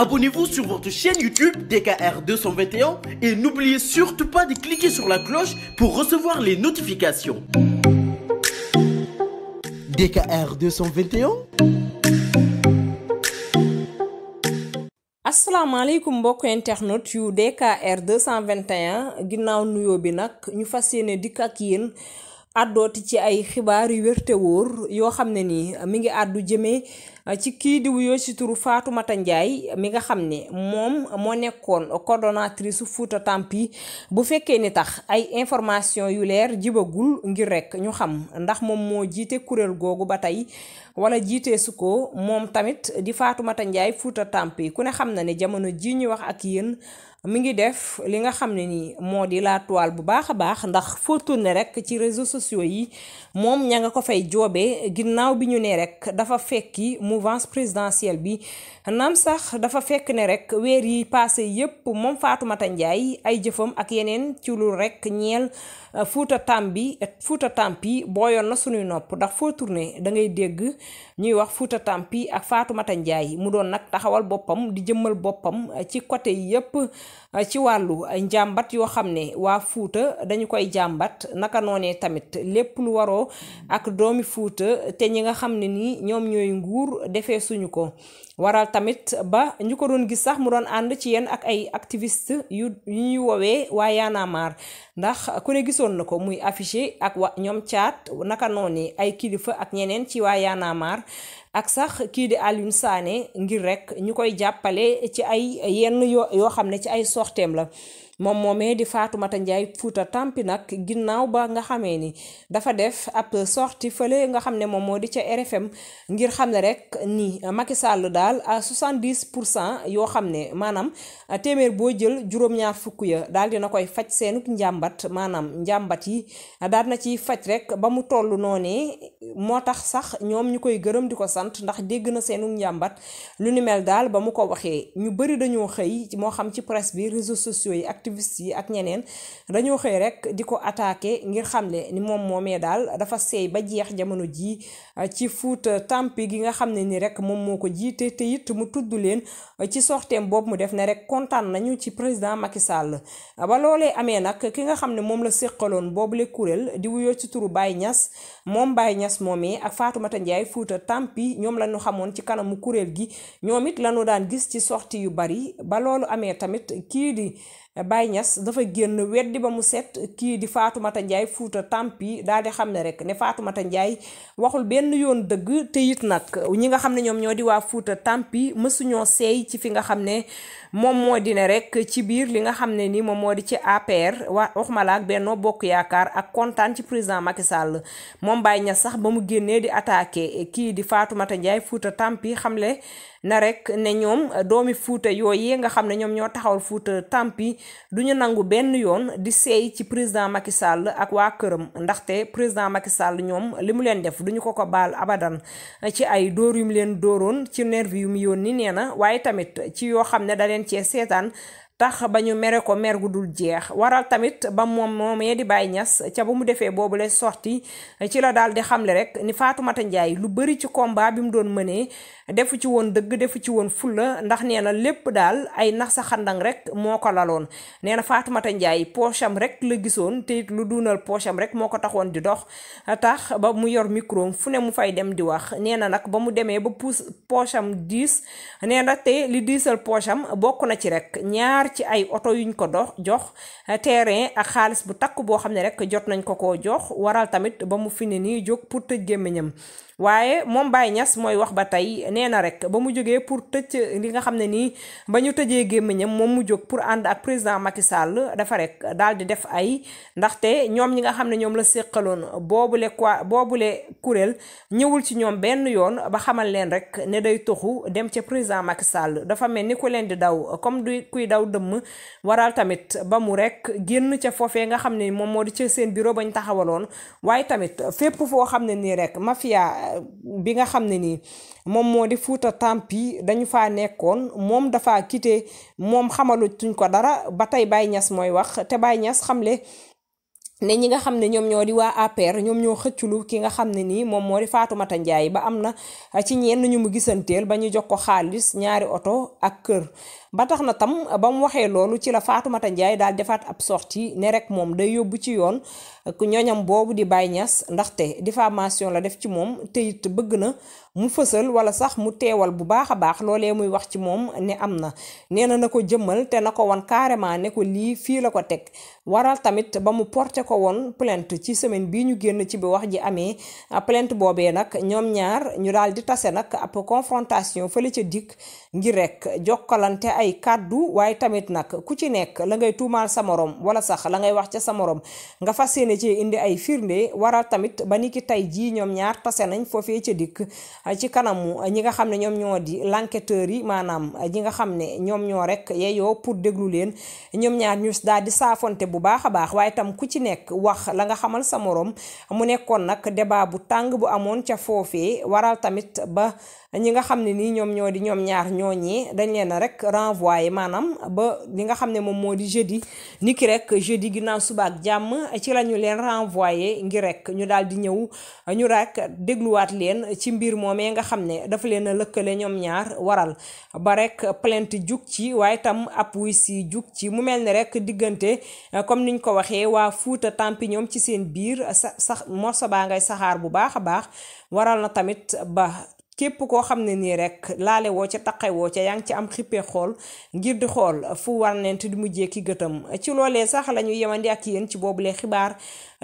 Abonnez-vous sur votre chaîne YouTube DKR et n'oubliez surtout pas de cliquer sur la cloche pour recevoir les notifications. DKR 221. asalaamaaleykum mbokk internet yu ginnaaw nuyoo bi nag ñu fas yéene dikk ak yéen. àddooti ci ay xibaar yu wér yoo xam ne nii mi ngi àddu jëmee ah, ci kii di wuyoo ci turu Fatoumata Ndiaye mi nga xam ne moom moo nekkoon coordonnatrice Fouta Tampi bu fekkee ni tax ay information yu leer jibagul ngir rek ñu xam ndax moom moo jiite kuréel googu ba tey wala jiitee su moom tamit di Fatoumata Ndiaye Fouta Tampi ku ne xam na ne jamono ji ñu wax ak yéen mi ngi def li nga xam ne nii moo di la toile bu baax a baax ndax foo tourné rek ci réseau sociaux yi moom ña nga ko fay joobee ginnaaw bi ñu nee rek dafa fekki mouvance présidentielle bi naam sax dafa fekk ne rek weer yi passé yépp moom Fatoumata Ndiaye ay jëfam ak yeneen ci lu rek ñeel euh, Fouta Tampi Fouta Tampi booyoon na suñuy nopp ndax foo tourné da ngay dégg ñuy wax Fouta Tampi ak Fatoumata Ndiaye mu doon nag taxawal boppam di jëmmal boppam ci côté yépp Euh, ci wàllu euh, njàmbat yoo xam ne waa Fuuta dañu koy jàmbat naka noone tamit lépp lu waroo ak doomi Fuuta te ñi nga xam ne nii ñoom ñooy nguur defee suñu ko waral tamit ba ñu ko doon gis sax mu doon ànd ci yenn ak ay activist yu ñuy woowee waa Y'en ndax ku ne gisoon na ko muy affiché ak wa ñoom caat naka noonee ay kilifa ak ñeneen ci waa Y'en ak sax kii di Alioune Sané ngir rek ñu koy jàppale ci ay yenn yoo xam ne ci ay soxteem la moom moomee di Fatoumata Ndiaye Fouta Tampi nag ginnaaw ba nga xamee ni dafa def ab sortie fële nga xam ne moom moo di ca RFM ngir xam ne rek nii Macky Sall daal à 70 pour cent yoo xam ne maanaam téeméer boo jël juróom-ñaar fukk ya daal dina koy faj seenug njàmbat maanaam njàmbat yi daal na ciy faj rek ba mu toll noonee moo tax sax ñoom ñu koy gërëm di ko sant sant ndax dégg na seenu njàmbat lu ni mel daal ba mu ko waxee ñu bëri dañoo xëy moo xam ci presse bi réseaux sociaux yi activistes yi ak ñeneen dañoo xëy rek di ko attaqué ngir xamle ni moom moomee daal dafa seey ba jeex jamono jii euh, ci Fouta Tampi gi nga xam ne ni rek moom moo ko jiite te it mu tudd leen euh, ci sorteem boobu mu def ne rek kontaan nañu ci président Macky Sall ba loolee amee nag ki nga xam ne moom la séqaloon boobule kuréel di wuyoo ci turu Baye Niass moom Baye Niass moomee ak Fatoumata Ndiaye Fouta Tampi ñoom la ñu xamoon ci kanamu kuréel gi ñoom it la ñu daan gis ci sorti yu bari ba loolu amee tamit kii di Baye Niass dafa génn weddi ba mu set kii di Fatoumata Ndiaye Fouta Tampi daal di xam ne rek ne Fatoumata Ndiaye waxul benn yoon dëgg te it nag ñi nga xam ne ñoom ñoo di waa Fouta Tampi mësuñoo seey ci fi nga xam ne moom moo di rek ci biir li nga xam ne ni moom moo di ci APR wa waxuma la ak Benno Yaakaar ak kontaan ci président Macky Sall moom Baye Niass sax ba mu génnee di attaqué kii di Fatoumata Ndiaye Fouta Tampi xamle na rek ne ñoom doomi Fouta yooyu nga xam ne ñoom ñoo taxawal Fouta Tampi duñu nangu benn yoon di seey ci président Macky Sall ak waa këram ndaxte président Macky ñoom li mu leen def duñu ko ko baal abadan ci ay dóor yu mu leen dóoroon ci nervi yu mu ni nee na waaye tamit ci yoo xam ne da cee seetaan tax ba ñu mere ko mer gu dul jeex waral tamit ba moom moomee di Baye Niass ca ba mu defee boobu lay sorti ci la daal di xamle rek ni Fatoumata Ndiaye lu bëri ci combat bi mu doon mënee defu ci woon dëgg defu ci woon fulla ndax nee na lépp daal ay nax sa xandang rek moo ko laloon nee na Fatoumata Ndiaye poche am rek la gisoon te lu duunal poche am rek moo ko taxoon di dox tax ba mu yor micro fu ne mu fay dem di wax nee na nag ba mu demee ba puus poche am diis nee na te li diisal poche bokk na ci rek ñaar ci ay oto ñu ko dox jox eh, terrain ak xaalis bu takk boo xam ne rek jot nañ ko koo jox waral tamit ba mu fi ne nii jóg pour tëj gémmiñam waaye moom Baye ñas mooy wax ba tey nee na rek ba mu jógee pour tëj li nga xam ne nii ba ñu tëjee gémmiñam moom mu jóg pour ànd ak président Macky Sall dafa rek daal di def ay ndaxte ñoom ñi nga xam ne ñoom la séqaloon boobule quoi boobule kuréel ñëwul ci ñoom benn yoon ba xamal leen rek ne day toxu dem ca président Macky Sall dafa mel ni ku leen di daw comme du kuy daw dëmm waral tamit ba mu rek génn ca foofee nga xam ne moom moo di ca seen bureau bañ taxawaloon waaye tamit fépp foo xam ne nii rek mafia eh, bi nga xam ne nii moom moo di Fouta Tampi dañu fa nekkoon moom dafa quitté moom xamalu tuñ ko dara ba tey Baye ñas mooy wax te Baye Niass xamle ne ñi nga xam ne ñoom ñoo di waa APR ñoom ñoo xëcculu ki nga xam ne nii moom moo di Fatoumata Ndiaye ba am na ci ñenn ñu mu gisanteel ba ñu jox ko xaalis ñaari oto ak kër ba tax na tam ba mu waxee loolu ci la Faatumata Njaay daal defaat ab sortie ne rek moom day yóbbu ci yoon ku ñoñam boobu di Baye ñas ndaxte diffamation la def ci moom te it bëgg na mu fësal wala sax mu teewal bu baax a baax loolee muy wax ci moom ne am na nee na ko jëmmal te na ko wan carrément ne ko lii fii la ko teg waral tamit ba mu porté ko woon plainte ci semaine bii ñu génn ci bi wax ji amee plainte boobee nag ñoom ñaar ñu daal di tase nag ab confrontation fële ca dikk ngir rek jokkalante ay kàddu waaye tamit nag ku ci nekk la ngay tuumaal sa moroom wala sax la ngay wax ca sa moroom nga fas yéene ci indi ay firnde waral tamit ba ni ki tey jii ñoom ñaar tase nañ foofee ca dikk ci kanamu ñi nga xam ne ñoom ñoo di l'enquêteur yi maanaam ñi nga xam ne ñoom ñoo rek yeeyoo pour déglu leen ñoom ñaar ñu daal di saafonte bu baax a baax waaye tam ku ci nekk wax la nga xamal sa morom mu nekkoon nag débat bu tàng bu amoon ca foofee waral tamit ba ñi nga xam ne nii ñoom ñoom ñaar ñooñee dañ leen rek renvoyé maanaam ba li nga xam ne moom moo di jeudi ni ki rek jeudi ginnaaw suba ak jàmm ci la leen renvoyé ngir rek ñu daal di ñëw ñu rek dégluwaat leen ci mbir moomee nga xam ne dafa leen a lëkkale ñoom ñaar waral ba rek plainte jug ci waaye tam ab wuy si jug ci mu mel ni rek diggante comme niñ ko waxee waa Fuuta Tampi ñoom ci seen biir sa sax morso baa ngay saxaar bu baax a baax waral na tamit ba képp koo xam ne nii rek laale woo ca taqe woo ca yaa ngi ci am xippee xool ngir di xool fu warneent di mujjee ki gëtam ci loolee sax la ñu yemandi ak yéen ci boobule xibaar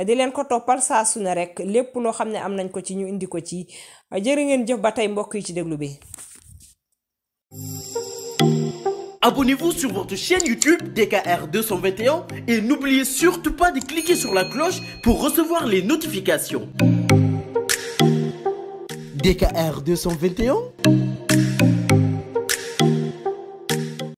di leen ko toppal saa ne rek lépp loo xam ne am nañ ko ci ñu indi ko ci jërë ngeen jëf ba tey mbokk yi ci déglu bi. Abonnez-vous sur votre chaîne YouTube DKR 221 et n'oubliez surtout pas de cliquer sur la cloche pour recevoir les notifications. DKR 221